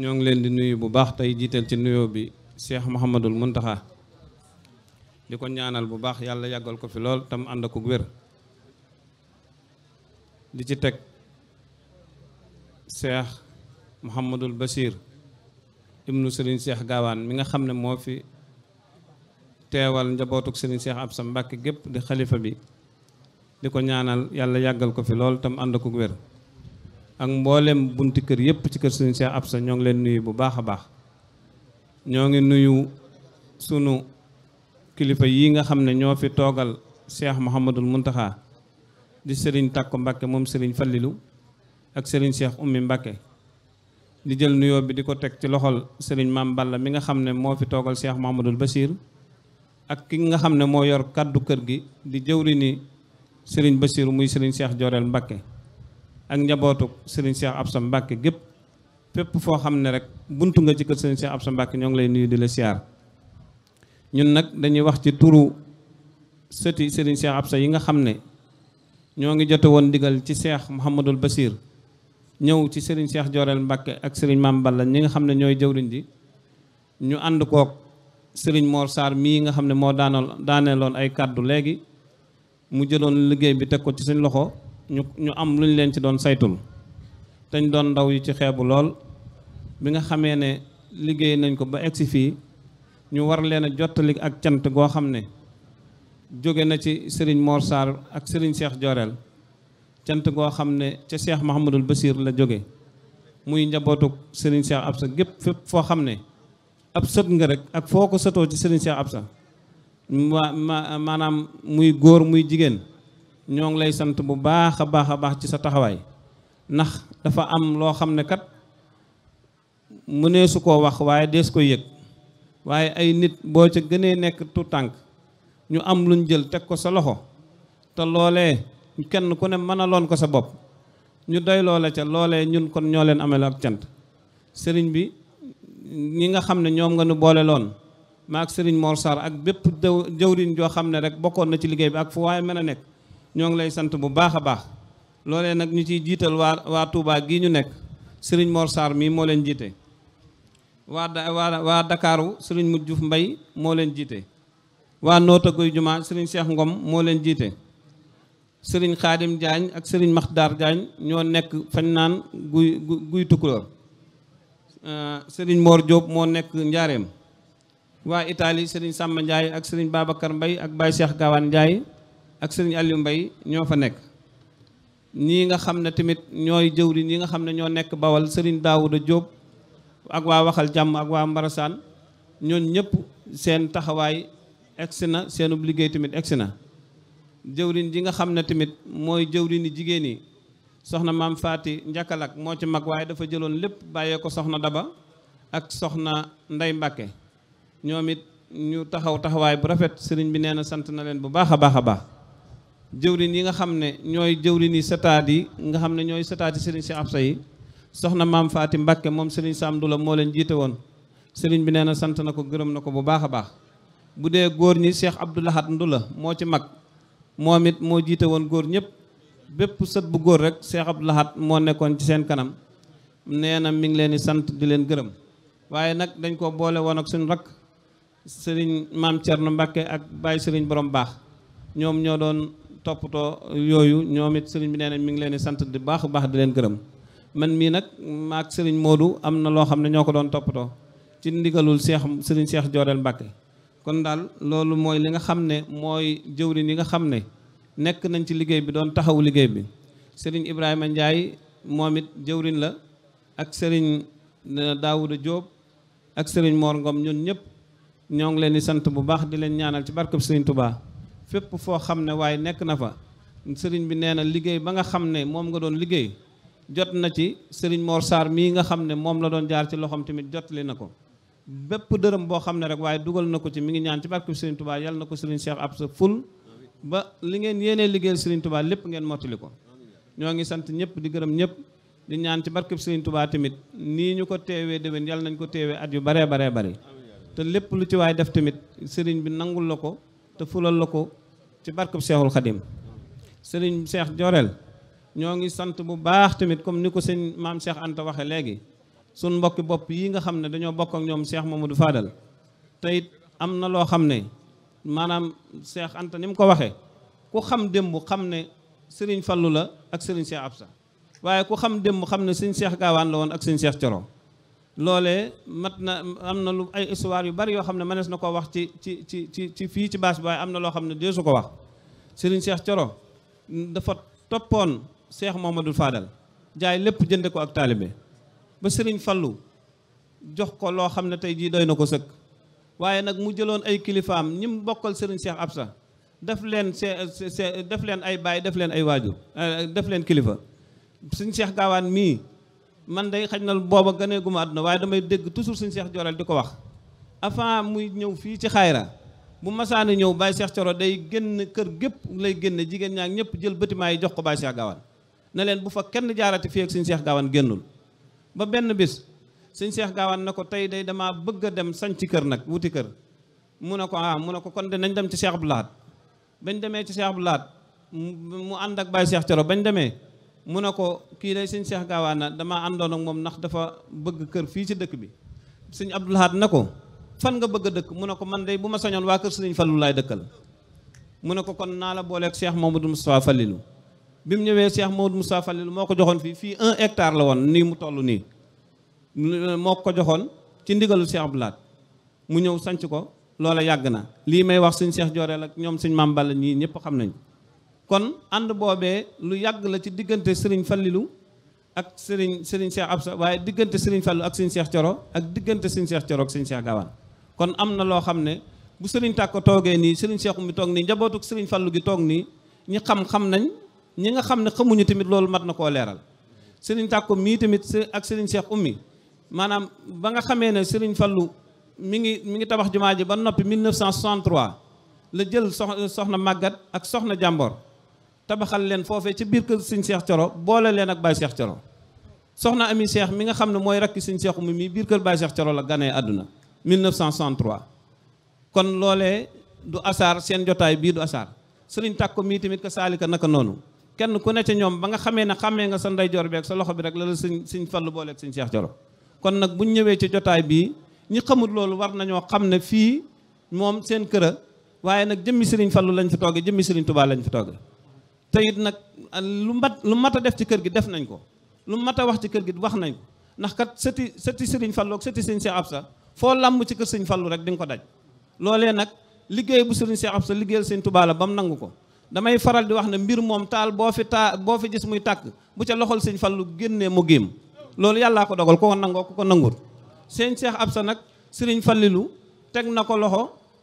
ñoo ngi leen di nuyu bu baax tey jiital ci nuyoo bi Cheikh Mouhamadul Muntaxa di ko ñaanal bu baax yàlla yàggal ko fi lool tam ànd ak wér di ci teg Cheikh Mouhamadul Bachir ibnu Serigne Cheikh Gaawaan mi nga xam ne moo fi teewal njabootuk Serigne Cheikh Absa Mbàkke gépp di xalifa bi di ko ñaanal yàlla yàggal ko fi lool tam ànd ak wér ak mboolem bunt kër yëpp ci kër suñu Cheikh Absa ñoo ngi leen nuyu bu baax a baax ñoo ngi nuyu sunu kilifa yi nga xam ne ñoo fi toogal Cheikh Mouhamadul muntaxa di sëriñ Takko Mbacke moom Serigne Fallilou ak sëriñ Cheikh ummi Mbacke di jël nuyoo bi di ko teg ci loxol sëriñ Mame Balla mi nga xam ne moo fi toogal Cheikh Mouhamadul Bachir ak ki nga xam ne moo yor kàddu kër gi di jëwri ni Serigne Bachir muy Serigne Cheikh Joreel Mbacke ak njabootu sëriñ ab sa Mbacke gépp fépp foo xam ne rek bunt nga ci kër sëriñ Cheikh Absa Mbacke ñoo ngi lay nuyu di la siyaar ñun nag dañuy wax ci turu sëti sëriñ ab sa yi nga xam ne ñoo ngi jote woon ndigal ci Cheikh Mouhamadul basiir ñëw ci sëriñ Cheikh Joreel Mbacke ak sëriñ Maam Balla ñi nga xam ne ñooy jëwriñ ji ñu ànd koog sëriñ Mor Sarr mii nga xam ne moo daanal daaneeloon ay kàddu léegi mu jëloon liggéey bi teg ko ci seen loxo ñu ñu am lu ñu leen ci doon saytul te ñu doon ndaw yi ci xeebu lool bi nga xamee ne liggéey nañ ko ba egsi fii ñu war leen a jottali ak cant goo xam ne jóge na ci Serigne Mor Sarr ak sëriñ seex Joreel cant goo xam ne ca Cheikh Mahamadul Basir la jóge muy njabootuk Serigne Cheikh Absa gépp fépp foo xam ne ab sët nga rek ak foo ko sëtoo ci Serigne Cheikh Absa ma maanaam muy góor muy jigéen ñoo ngi lay sant bu baax a baax a baax ci sa taxawaay ndax dafa am loo xam ne kat mu nee su koo wax waaye dees ko yëg waaye ay nit boo ca gënee nekk tu tànk ñu am luñ jël teg ko sa loxo te loolee kenn ku ne mën a loon ko sa bopp ñu doy loola ca loolee ñun kon ñoo leen amel ak cant sëriñ bi ñi nga xam ne ñoom nga nu boole loon ma ak sëriñ Mor ak bépp jëwriñ joo xam ne rek bokkoon na ci liggéey bi ak fu waaye mën a nekk ñoo ngi lay sant bu baax a baax loolee nag ñu ciy jiital waa waa Touba gii ñu nekk sëriñ moor Sarr mii moo leen jiite. waa waa waa Dakaaru Serigne Modou Diouf Mbaye moo leen jiite waa Noota Guy Juma Serigne Cheikh Ngom moo leen jiite. sëriñ Khadim jaañ ak Serigne Makhtar jaañ ñoo nekk fañ naan guy guy Tukulóor euh, Serigne Mor Diop moo nekk Njaareem. waa Italie Serigne sàmm Ndiaye ak Serigne Babacar Mbaye ak Baye Cheikh Gawane Ndiaye. ak sëriñ Aliou Mbaye ñoo fa nekk ñii nga xam ne tamit ñooy jëwriñ ñi nga xam ne ñoo nekk bawal sëriñ a Diop ak waa waxal jàmm ak waa Mbarasaan ñoon ñëpp seen taxawaay egsi na seenub liggéey tamit egsi na jëwriñ ji nga xam ne tamit mooy jëwriñi jigéen yi soxna maam faati njakkalak moo ci mag waaye dafa jëloon lépp bàyyee ko soxna daba ak soxna nday mbàkke ñoom it ñu taxaw taxawaay bu rafet sëriñ bi nee na sant na leen bu baax a baax a baax jëwrin yi nga xam ne ñooy jëwrin yi setaat yi nga xam ne ñooy setaat sëriñ si absa yi soxna maam faati mbàkke moom sëriñ Sam Ndoulo moo leen jiite woon sëriñ bi nee na sant na ko gërëm na ko bu baax a baax bu dee góor ñi Cheikh Abdoulahat Ndoulo moo ci mag moom it moo jiite woon góor ñëpp bépp sët bu góor rek Cheikh Abdoulahat moo nekkoon ci seen kanam nee na mi ngi leen di sant di leen gërëm waaye nag dañ ko boole woon ak suñu rakk sëriñ maam Thierno Mbàkke ak bàyyi sëriñ boroom baax ñoom ñoo doon toppatoo yooyu ñoom it sëriñ bi nee mi ngi leen di sant bu baax a baax di leen gërëm man mii nag maak sëriñ Modou am na loo xam ne ñoo ko doon toppatoo ci ndigalul seex sëriñ seex Jooreel Mbàkke kon daal loolu mooy li nga xam ne mooy jëwriñ yi nga xam ne nekk nañ ci liggéey bi doon taxawu liggéey bi sëriñ Ibrahima Ndiaye moom it jëwriñ la ak sëriñ eh, Daouda Diop ak sëriñ moor ngoom ñun ñëpp ñoo ngi leen di sant bu baax di leen ñaanal ci barkab sëriñ Touba. fépp foo xam ne waaye nekk na fa sëriñ bi nee na liggéey ba nga xam ne moom nga doon liggéey jot na ci sëriñ Mor Sarr mii nga xam ne moom la doon jaar ci loxoom tamit jot jotali na ko bépp dërëm boo xam ne rek waaye dugal na ko ci mi ngi ñaan ci barke sëriñ Touba yàlla na ko sëriñ Cheikh Absa ful ba li ngeen yéenee liggéeyal sëriñ Touba lépp ngeen mottali ko ñoo ngi sant ñëpp di gërëm ñëpp di ñaan ci barke sëriñ tubaa tamit nii ñu ko teewee déwén yàlla nañ ko teewee at yu baree baree bari te lépp lu ci waay def tamit sëriñ bi nangul la ko te fulal la ko ci barkeb Seexul Xadim sëriñ Seex Joreel ñoo ngi sant bu baax tamit comme ni ko seen maam Seex Anta waxe léegi sun mbokki bopp yi nga xam ne dañoo bokk ak ñoom Seex Mamadou Fadal te it am na loo xam ne maanaam Seex Anta ni mu ko waxee ku xam démb xam ne sëriñ Fallu la ak sëriñ Seex Absa waaye ku xam démb xam ne sëñ Seex Gaawaan la woon ak sëñ Seex Coro loolee mat na am na lu ay histoire yu bari yoo xam ne mënees na koo wax ci ci ci ci ci fii ci bâche bi waaye am na loo xam ne dee su ko wax Serigne Cheikh Thioro dafa toppoon Cheikh Mouhamadoul Fadal jaay lépp jënde ko ak taalibe ba sëriñ Fallou jox ko loo xam ne tey jii doy na ko sëkk waaye nag mu jëloon ay kilifaam ñi mu bokkal Serigne ab sa def leen see def leen ay baay def leen ay waajur euh, def leen kilifa Serigne Cheikh Gaawaan mii man day xaj na booba ganeeguma àdduna waaye damay dégg toujours suñu Cheikh Joreel di ko wax avant muy ñëw fii ci xayra bu masaana ñëw Baye Cheikh Coro day génn kër gépp lay génn jigéen ñaak ñëpp jël bâtiment yi jox ko Baye Cheikh Gawane ne leen bu fa kenn jaarati fii ak suñu Cheikh Gawane génnul ba benn bis suñu Cheikh gaawan na ko tey day damaa bëgg a dem sañ ci kër nag wuti kër mu ne ko ah mu ne ko kon de nañ dem ci Cheikh bu laat bañ demee ci Cheikh Abdou mu ànd ak Baye Cheikh bañ demee mu ne ko kii day sëñ Cheikh na dama àndoon ak moom ndax dafa bëgg kër fii ci dëkk bi sëñ Abdou Lahad na ko fan nga bëgg a dëkk mu ne ko man day bu ma sañoon waa kër sëñ Fallou laay dëkkal mu ne ko kon naa la booleeg Cheikh Mamadou Moustapha Fallilu bi mu ñëwee Cheikh Mamadou Moustapha Fallilu moo ko joxoon fii fii un hectare la woon nii mu toll nii moo ko joxoon ci ndigalu Cheikh Abdou Lahad mu ñëw sanc ko loole yàgg na lii may wax sëñ Cheikh Jooreel ak ñoom sëñ Mame Balla ñëpp xam nañ kon ànd boobee lu yàgg la ci diggante sëriñ Fallilu ak sëriñ sëriñ ab Absa waaye diggante sëriñ Fallilu ak sëriñ Cheikh Coro ak diggante sëriñ Cheikh Coro ak sëriñ Cheikh Gaawaan kon am na loo xam ne bu sëriñ Tàkko toogee nii sëriñ Cheikh mi toog nii njabootuk sëriñ Fallu gi toog nii ñi xam-xam nañ ñi nga xam ne xamuñu tamit loolu mat na koo leeral sëriñ Tàkko mii tamit ak sëriñ Cheikh Ummi maanaam ba nga xamee ne sëriñ Fallu mi ngi mi ngi tabax jumaa ji ba noppi 1963 la jël sox soxna màggat ak soxna jàmboor tabaxal leen foofee ci biir kër sëñ Cheikh Thioro boole leen ak Baye Cheikh Thioro soxna Ami Cheikh mi nga xam ne mooy rakki sëñ Cheikh mu mii biir kër Baye Cheikh Thioro la ganee àdduna 1963 kon loolee du asaar seen jotaay bii du asaar sëriñ tàkko mii tamit ko saalika naka noonu kenn ku ne ca ñoom ba nga xamee ne xamee nga sa ndeyjoor beeg sa loxo bi rek la la sëñ sëñ Fallu booleeg sëñ Cheikh Thioro kon nag buñ ñëwee ci jotaay bii ñi xamul loolu war nañoo xam ne fii moom seen kër a waaye nag jëmmi sëriñ Fallu lañ fi tooge jëmmi sëriñ Tuubaa lañ fi tooge te it nag ah, lu mat lu mat a def ci kër gi def nañ ko lu mat a wax ci kër gi wax nañ ko ndax kat sëti sëti sëriñ Fallu ak sëti sëriñ Cheikh Absa ci kër sëriñ Fallu rek di ko daj loolee nag liggéey bu sëriñ Cheikh Absa liggéeyal sëriñ Tuubaa la ba mu nangu ko damay faral di wax ne mbir moom taal boo fi taa boo fi gis muy tàkk bu ca loxol sëriñ Fallu génnee mu géem loolu yàllaa ko dogal ko nangoo ku ko nangut sëriñ Cheikh Absa nag sëriñ Fallilu teg na ko loxo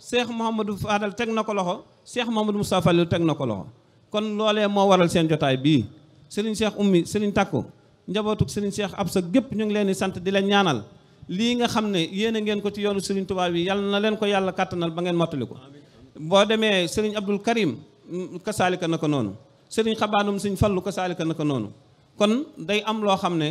Cheikh Mouhamadou Fadal teg na ko loxo Cheikh Mouhamadou Moustapha Fallilu teg na ko loxo kon loolee moo waral seen jotaay bii Serigne Cheikh Oumy Serigne Takko njabootuk Serigne Cheikh Absa gépp ñu ngi leen di sant di leen ñaanal lii nga xam ne yéene ngeen ko ci yoonu Serigne Touba bi yàlla na leen ko yàlla kàttanal ba ngeen mottali ko boo demee Serigne Abdul Karim mm, kasaalika na ko noonu Serigne Xabaanum Serigne Fallu saalika na ko noonu kon day am loo xam ne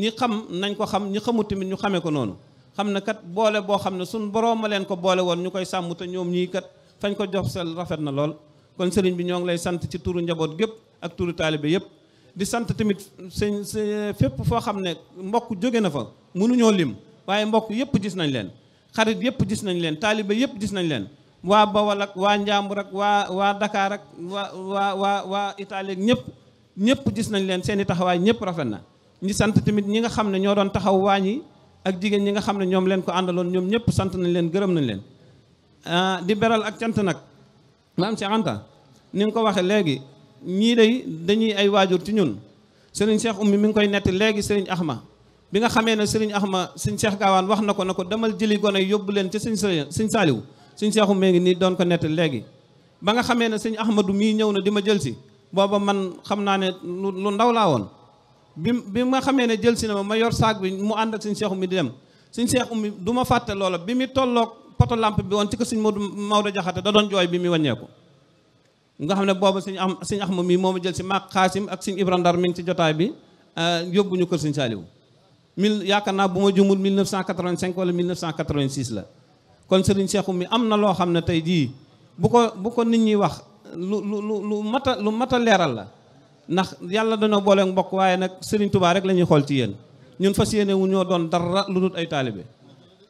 ñi xam nañ ko xam ñi xamu tamit ñu xamee ko noonu xam ne kat boole boo xam ne suñ borom ma leen ko boole woon ñu koy sàmm te ñoom ñii kat fañ ko jox sel rafet na lool kon sëriñ bi ñoo ngi lay sant ci turu njaboot gépp ak turu taalibe yëpp di sant tamit sëñ fépp foo xam ne mbokk jóge na fa mënuñoo lim waaye mbokk yëpp gis nañ leen xarit yëpp gis nañ leen taalibe yëpp gis nañ leen waa Bawol ak waa Njàmbur ak waa waa Dakar ak waa waa waa waa Italie ak ñëpp ñëpp gis nañ leen seen i taxawaay ñëpp rafet na ñi sant tamit ñi nga xam ne ñoo doon taxaw waañ yi ak jigéen ñi nga xam ne ñoom leen ko àndaloon ñoom ñëpp sant nañ leen gërëm nañ leen ah, di beral ak cant nag maam Cheikh Anta ni nga ko waxee léegi ñii day dañuy ay waajur ci ñun sëriñ Cheikh Oumy mi ngi koy nett léegi ax ma bi nga xamee ne sëriñ Axma sëñ Cheikh Gaawaan wax na ko na ko demal jëli gone yóbbu leen ci sëñ sëñ Saaliw sëñ Cheikh Oumy ngi nii doon ko léegi ba xamee ne sëñ Ahmadu mii ñëw na di ma jël si booba man xam naa ne lu ndaw laa woon bi bi nga xamee ne jël si na ma ma yor saag bi mu ànd ak sëñ Cheikh Oumy di dem sëñ Cheikh Oumy du ma fàtte loola bi mi tolloog poto lampe bi woon ci ko sëñ Modou Maodo Jaxate da doon jooy bi muy wàññeeku nga xam ne booba sëñ am sëñ Axma mii ma jël si maak Xaasim ak sëñ Ibra Ndar mi ngi ci jotaay bi eh, yóbbu ñu kër sëñ Saaliwu mille yaakaar naa bu ma jumul 1985 wala 1986 la kon sëriñ Seexu mi am na loo xam ne tey jii bu ko bu ko nit ñi wax lu lu lu lu mat a lu mat a leeral la ndax yàlla dañoo boole mbokk waaye nag sëriñ Touba rek la ñuy xool ci yéen ñun fas yéene ñoo doon dara lu dul ay taalibe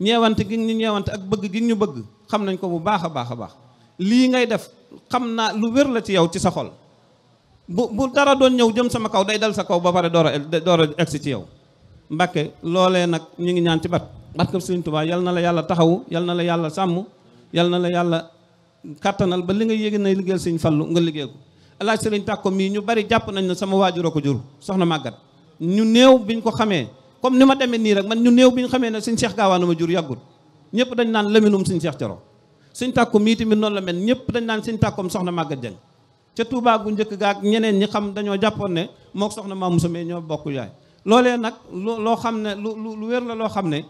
ñeewante gi ñu ñeewante ak bëgg gi ñu bëgg xam nañ ko bu baax a baax a baax lii ngay def xam naa lu wér la ci yow ci sa xol bu bu dara doon ñëw jëm sama kaw day dal sa kaw ba pare door a door a egsi ci yow Mbàkke loolee nag ñu ngi ñaan ci bat barkab Sëriñ Tuubaa yal na la yàlla taxawu yal na la yàlla sàmm yal na la yàlla kàttanal ba li nga yéegi na liggéeyal Sëriñ Fallu nga liggéey ko alaaj tàkk Tàkko mii ñu bari jàpp nañ ne sama waajur a ko jur soxna màggat comme ni ma demee nii rek man ñu néew bi ñu xamee ne suñ Cheikh Gaawaan ma jur yàggul ñëpp dañ naan laminum suñ Cheikh Coro suñ tàkku mii tamit noonu la mel ñëpp dañ naan suñ tàkkoom soxna Maguette Dieng ca Touba gu njëkk gaak ñeneen ñi xam dañoo jàppoon ne moo mook soxna maa musamee ñoo bokk yaay loolee nag lu loo xam ne lu lu wér la loo xam ne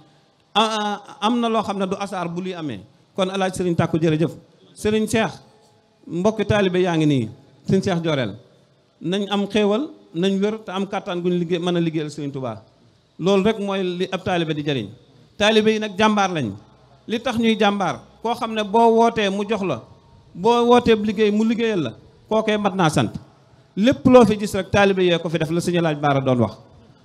am na loo xam ne du asaar bu luy amee kon alaaj sëriñ tàkku jërëjëf sëriñ Cheikh mbokki taalibe yaa ngi nii suñ Cheikh Joreel nañ am xéewal nañ wér am kàttan guñ liggéey mën a liggéeyal sëriñ Touba loolu rek mooy li ab taalibe di jariñ taalibe yi nag jàmbaar lañ li tax ñuy jàmbaar koo xam ne boo wootee mu jox la boo wootee liggéey mu liggéeyal la kookee mat naa sant lépp loo fi gis rek taalibe yee ko fi def la suñu laaj baara doon wax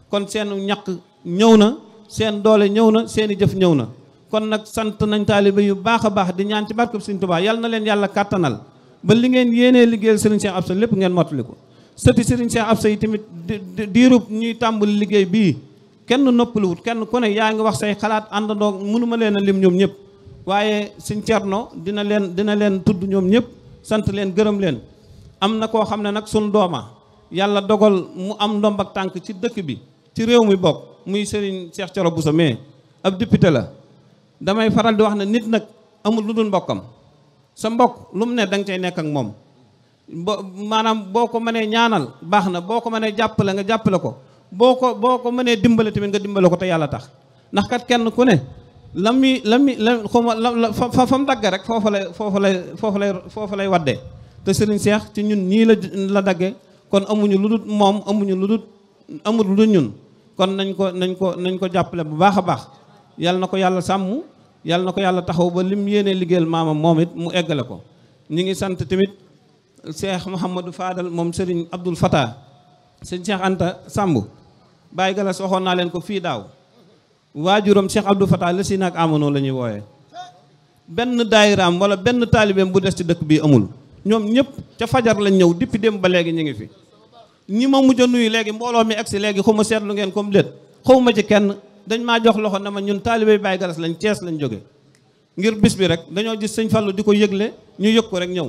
kon seen ñaq ñëw na seen doole ñëw na seen i jëf ñëw na kon nag sant nañ taalibe yu baax a baax di ñaan ci barkeb Sëriñ Tuubaa yal na leen yàlla kàttanal ba li ngeen yéenee liggéeyal Sëriñ ab sa lépp ngeen mottali ko sëti tamit diirub ñuy tàmbali liggéey bii kenn noppaluwut kenn ku ne yaa ngi wax say xalaat àndandoo mënuma leen lim ñoom ñëpp waaye sëñ Cerno dina leen dina leen tudd ñoom ñëpp sant leen gërëm leen am na koo xam ne nag suñ dooma yàlla dogal mu am ndomb ak tànk ci dëkk bi ci réew mi bokk muy Serigne Cheikh Thioro sa mais ab député la damay faral di wax ne nit nag amul lu dul mbokkam sa mbokk lu mu ne danga cay nekk ak moom bo maanaam boo ko mënee ñaanal baax na boo ko mënee jàppale nga jàppale ko boo ko boo ko mënee dimbale tamit nga dimbale ko te yàlla tax ndax kat kenn ku ne la muy la muy la xawma la fa fa mu dagg rek foofa lay foofa lay foofa lay foofa lay wadde te Serigne Cheikh ci ñun ñii la la dagge kon amuñu lu moom amuñu lu dul amul ñun kon nañ ko nañ ko nañ ko jàppale bu baax a baax yàlla na ko yàlla sàmm yàlla na ko yàlla taxaw ba lim yéenee liggéeyal maamam moom it mu eggale ko ñi ngi sant tamit Cheikh Mouhamadou faadal moom Serigne Abdoul Fatah Serigne Cheikh Anta Baye Galas waxoon naa leen ko fii daaw waa Cheikh Abdou Fatah la si naag amonoo la ñuy wooyee benn daayiraam wala benn taalibeem bu des ci dëkk bii amul ñoom ñëpp ca fajar lañ ñëw depuis démb ba léegi ñu ngi fi ñi ma mujj nuyu léegi mbooloo mi egsi léegi xaw ma seetlu ngeen comme léet xaw ma ci kenn dañ maa jox loxo ne ma ñun taalibe baay Galas lañ Cees lañ jóge ngir bis bi rek dañoo gis sëñ Fallu di ko yëgle ñu yëg ko rek ñëw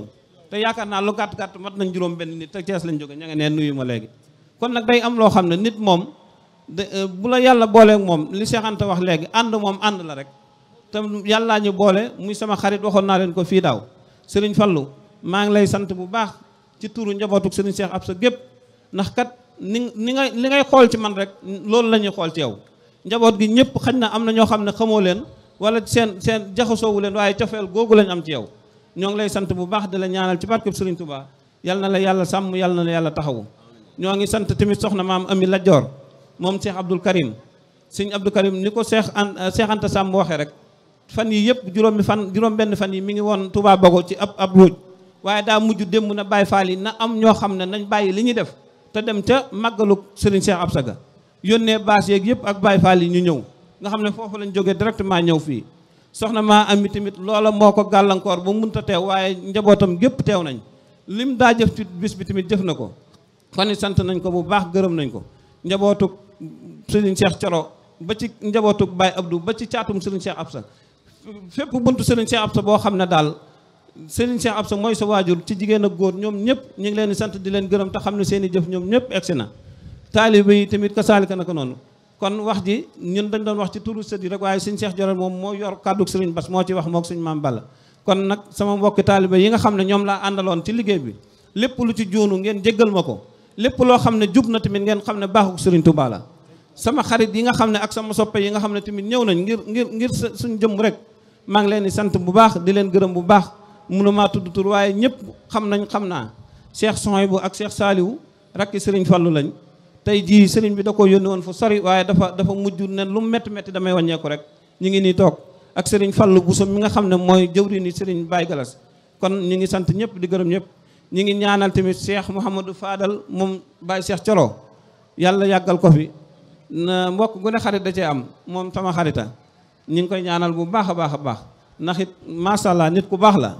te yaakaar naa lu gàtt mat nañ juróom benn nit te Cees lañ jóge ña nga nee nuyu ma léegi moom Eh, bu la yàlla booleeg moom li Cheikh wax léegi ànd moom ànd la rek te yàllaa ñu boole muy sama xarit waxoon naa leen ko fii daaw sëriñ Fallou maa ngi lay sant bu baax ci turu njabootuk sëriñ Cheikh sa gépp ndax kat ni ni ngay li ngay xool ci man rek loolu la ñuy xool ci yow njaboot gi ñëpp xañ na am na ñoo xam ne xamoo leen wala seen seen jaxasoowu leen waaye cofeel googu lañ am ci yow ñoo ngi lay sant bu baax di la ñaanal ci barkeb sëriñ Touba yal na la yàlla sàmm yal na la yàlla taxawu ñoo ngi sant tamit soxna maam Ami Ladior moom Cheikh Abdoul Karim sëñ Abdou Karim ni ko Cheikh an euh, Cheikh Anta Samb waxee rek fan yi yëpp juróomi fan juróom-benn fan yi mi ngi woon Touba Bogo ci ab ab ruuj waaye daa mujj démb na Baye Fall yi na am ñoo xam ne nañ bàyyi li ñuy def te dem ca màggalu Serigne Cheikh Absa Ga yónnee baas yeeg ak Baye Fall yi ñu ñëw nga xam ne foofu lañ jógee directement ñëw fii soxna maa am ami tamit loola moo ko gàllankoor ba munta teew waaye njabootam gépp teew nañ lim daa jëf ci bis bi tamit jëf na ko fan yi sant nañ ko bu baax gërëm nañ ko njabootuk sëriñ Cheikh Coro ba ci njabootu Baye Abdou ba ci caatum sëriñ Cheikh Absa fépp buntu sëriñ Cheikh Absa boo xam ne daal sëriñ Cheikh Absa mooy sa waajur ci jigéen góor ñoom ñëpp ñu ngi leen sant di leen gërëm te xam ne seen jëf ñoom ñëpp egsi na taalibe yi tamit ka saalika naka noonu kon wax ji ñun dañ doon wax ci turu sët yi rek waaye sëriñ Cheikh Coro moom moo yor kàddu sëriñ Bass moo ci wax mook suñ maam Balla kon nag sama mbokki taalibe yi nga xam ne ñoom laa àndaloon ci liggéey bi lépp lu ci juunu ngeen jéggal ma ko lépp loo xam ne jub na tamit ngeen xam ne baaxu sëriñ Tuubaa la sama xarit yi nga xam ne ak sama soppe yi nga xam ne tamit ñëw nañ ngir ngir ngir suñ jëmm rek maa ngi leen di sant bu baax di leen gërëm bu baax mënumaa tudd tur waaye ñëpp xam nañu xam naa Cheikh Souhaïbou ak Cheikh saaliwu rakki Serigne Fallou lañ tey jii Serigne bi da ko yónni woon fu sori waaye dafa dafa mujj ne lu métti métti damay wàññeeku rek ñu ngi nii toog ak sëriñ Serigne Fallou Bousso mi nga xam ne mooy di ni Serigne baay Galas kon ñu ngi sant ñëpp di gërëm ñëpp ñu ngi ñaanal tamit Cheikh Mouhamadou Fadal moom Baye Cheikh Thioro yàlla yàggal ko fi mbokk gune ne xarit da cee am moom sama xarita ñi ngi koy ñaanal bu baax a baax a baax ndax it macha allah nit ku baax la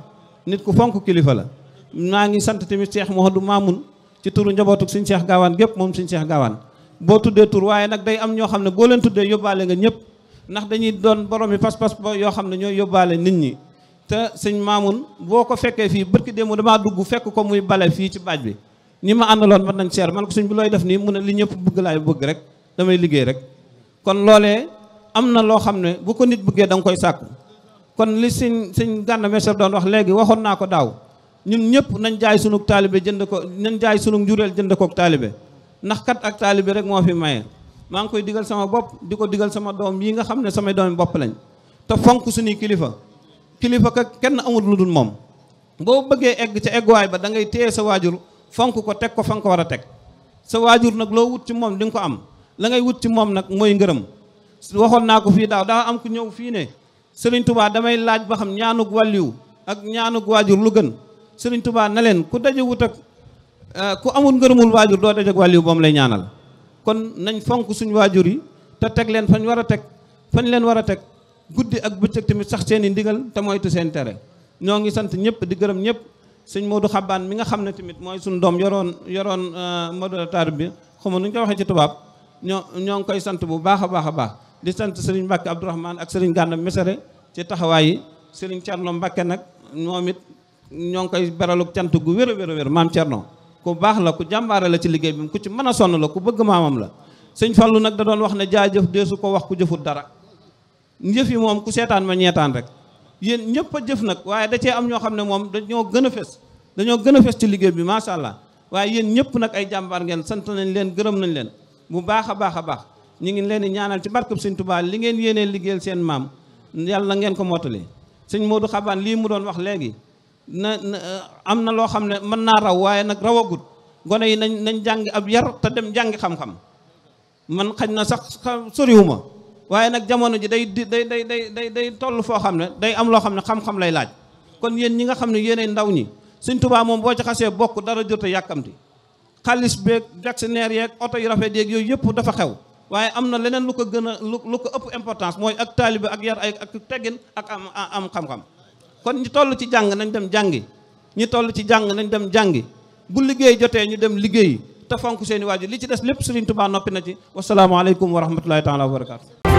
nit ku fonk kilifa la maa ngi sant tamit Cheikh Mouhadou Mamoun ci turu njabootu suñ Cheikh Gaawaan gépp moom suñ Cheikh Gaawaan boo tuddee tur waaye nag day am ñoo xam ne boo leen tuddee yóbbaale nga ñëpp ndax dañuy doon borom yi pas-pas ba yoo xam ne ñooy yóbbaale nit ñi te sëñ Mamoun boo ko fekkee fii barki démb damaa dugg fekk ko muy bale fii ci baaj bi ñi ma àndaloon man nañ seer man ko looy def nii mu ne li ñëpp bëgg laay bëgg rek damay liggéey rek kon loolee am na loo xam ne bu ko nit bëggee da nga koy sàkku kon li sëñ sëñ Gana Messere doon wax léegi waxoon naa ko daaw ñun ñëpp nañ jaay sunug taalibe jënd ko nañ jaay sunu njureel jënd kook taalibe ndax kat ak taalibe rek moo fi maye maa ngi koy digal sama bopp di ko digal sama doom yi nga xam ne samay doomi bopp lañ te fonk suñuy kilifa kilifa ka kenn amul lu dul moom boo bëggee egg ca egguwaay ba da ngay téye sa waajur fonk ko teg ko fa ko war a teg sa waajur nag loo ci moom di ko am la ngay wut ci moom nag mooy ngërëm waxoon naa ko fii daaw daa am ku ñëw fii ne Serigne Touba damay laaj ba xam ñaanug walliw ak ñaanug waajur lu gën Serigne Touba na leen ku daje wut ak euh, ku amul ngërëmul waajur doo daje ak wàlliw moom lay ñaanal kon nañ fonk suñu waajur yi te teg leen fañ war a teg fañ leen war a teg guddi ak bëccëg tamit sax seen i ndigal te mooy moytu seen tere ñoo ngi sant ñëpp di gërëm ñëpp sëñ Modou Xabaan mi nga xam ne tamit mooy suñu doom yoroon yoroon euh, modérateur bi xaw ma nu ko waxee ci tubaab. ñoo ñoo ngi koy sant bu baax a baax a baax di sant sëriñ Mbacke Abdourahmane ak sëriñ Gànna Mesere ci taxawaay yi sëriñ Thierno Mbacke nag moom it ñoo ngi koy beralug cant gu wér a wér a wér maam Thierno ku baax la ku jàmbaare la ci liggéey bi ku ci mën a sonn la ku bëgg maamam la sëñ Fallou nag da doon wax ne jaajëf deesu ko wax ku jëfut dara njëf yi moom ku seetaan ma ñeetaan rek yéen ñëpp a jëf nag waaye da cee am ñoo xam ne moom dañoo gën a fes dañoo gën a fes ci liggéey bi macha allah waaye yéen ñëpp nag ay jàmbaar ngeen nañ leen gërëm nañ leen bu baax a baax a baax ñu ngi leen di ñaanal ci barkeb sëñ Tuubaa li ngeen yéenee liggéeyal seen maam yàlla ngeen ko mottali sëñ moo Modou Xabaan lii mu doon wax léegi na am na loo xam ne mën naa raw waaye nag rawagut gone yi nañ nañ jàngi ab yar te dem jàngi xam-xam man xañ na sax soriwuma waaye nag jamono ji day day day day day day toll foo xam ne day am loo xam ne xam-xam lay laaj kon yéen ñi nga xam ne yéenay ndaw ñi sëñ Tuubaa moom boo ci xasee bokk dara jot yàkkamti xaalis beeg vaccinaire yeeg oto yu rafet yeeg yooyu yëpp dafa xew waaye am na leneen lu ko gën a lu lu ko ëpp importance mooy ak taalibe ak yar ay ak teggin ak am am xam-xam kon ñu toll ci jàng nañ dem jàngi ñu toll ci jàng nañu dem jàngi bu liggéey jotee ñu dem liggéey te fonk seeni waajur li ci des lépp Sëriñ Tuubaa noppi na ci wasalaamaaleykum wa rahmatulahi taala wa barakaatu